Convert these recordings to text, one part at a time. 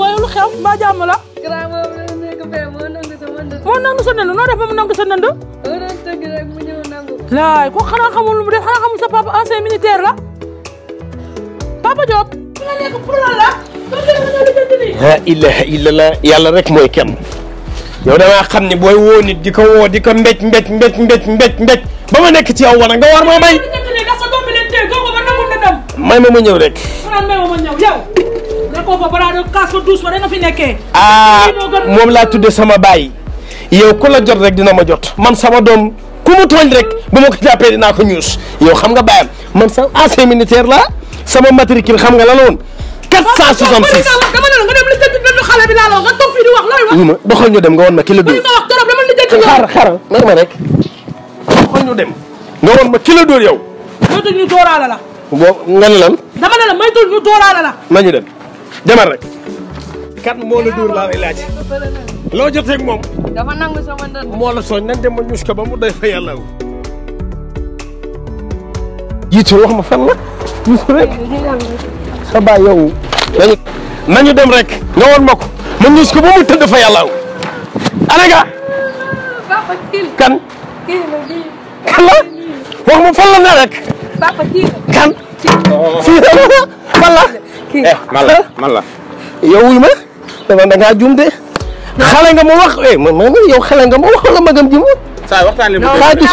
waaye lu xew mbaa nangu sa nangu sa nandu mu nangu sa nangu. laay ko xanaa xamul lu mu def xanaa xamul sa papa ancien militaire la papa Diop. fi nga la. la rek mooy kenn. yow da ngaa xam ni booy woo nit di ko woo di ko mbéj mbéj mbéj mbéj mbéj mbéj ba ma nekk ci yow wala nga war moo may. may ma ma ñëw rek. ah moom laa tudde sama baay yow ku la jot rek dina ma jot man sama doom ku mu tooñ rek bu ma ko jàppee dinaa ko ñuus yow xam nga baayam man sama ancien militaire la sama matricule xam nga la la woon 466. benn xale bi laa la wax nga toog fii di wax looy wax. ma doxal ñu dem nga wan ma ki la dóor. ma wax trop dama li jënd. xaaral xaaral may ma rek. doxal ñu dem. nga wan ma ki la dóor yow. moytuwul ñu dóoraale la. boo nga ne lan. dama ne la moytuwul ñu dóoraale la. ma ñu dem demal rek. kat moo la dóor laa lay laaj. loo jotee ak moom. dafa nangu sama ndënd. moo la sooñ nañ dem ma ñus ko ba mu doy fa yàlla. jiitu wax ma fan la. ñus ko rek. sa baay yow. nañu dem rek nga woon ma ko ma ñuus ko ba mu tëdd fa yàlla ana nga kan kan la wax ma fan la kan fii fan la eh man la man la yow wuy ma da ngaa jum de xale nga ma wax eh man man yow xale nga ma wax wala magam ji ma saa waxtaan li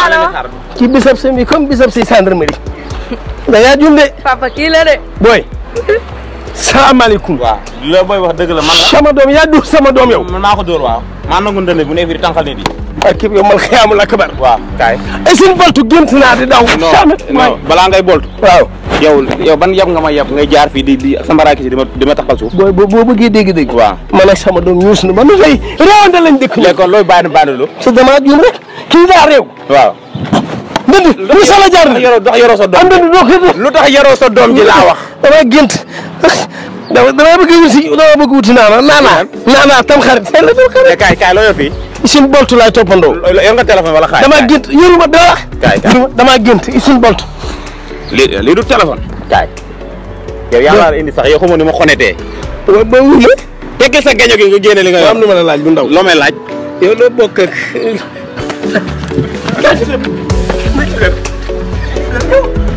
ci bisab si mi comme bisab si gendarmerie da ngaa jum de kii la booy salaamaaleykum. waaw la booy wax dëgg la man la. sama doom yaa dóor sama doom yow. maa ko dóor waaw. maa nangu ndënd bu nekk fii di tànqal nit yi. ak kii yow man xiyaamul akbar. waaw kaay. ay boltu gént naa di daw. balaa ngay boltu. waaw yow yow ban yab nga ma yab ngay jaar fii di di sama raakis di ma di ma taxal suuf. booy boo boo bëggee dégg-dégg. la man ak sama doom ñuus na ba nu fay réewante lañ dëkk. léegi kon looy bàyyi na bàyyi la. juum rek kii daa réew. ndënd lu sala dox yoroo sa lu tax yoroo sa doom ji laa wax dama gént dama bëgg wuti dama bëgg wuti naana naana naana tam xarit eh, kaay kaay loo yor fii isin boltu laay toppandoo yor nga téléphone wala xaay dama gént yoruma dama boltu lii du téléphone kaay yaa la indi sax yow xamoo ni ma xonetee ba wuule tekkil sa gaño gi nga nga yor am lu ma laaj bu ndaw loo may laaj Fais-le. Fais-le.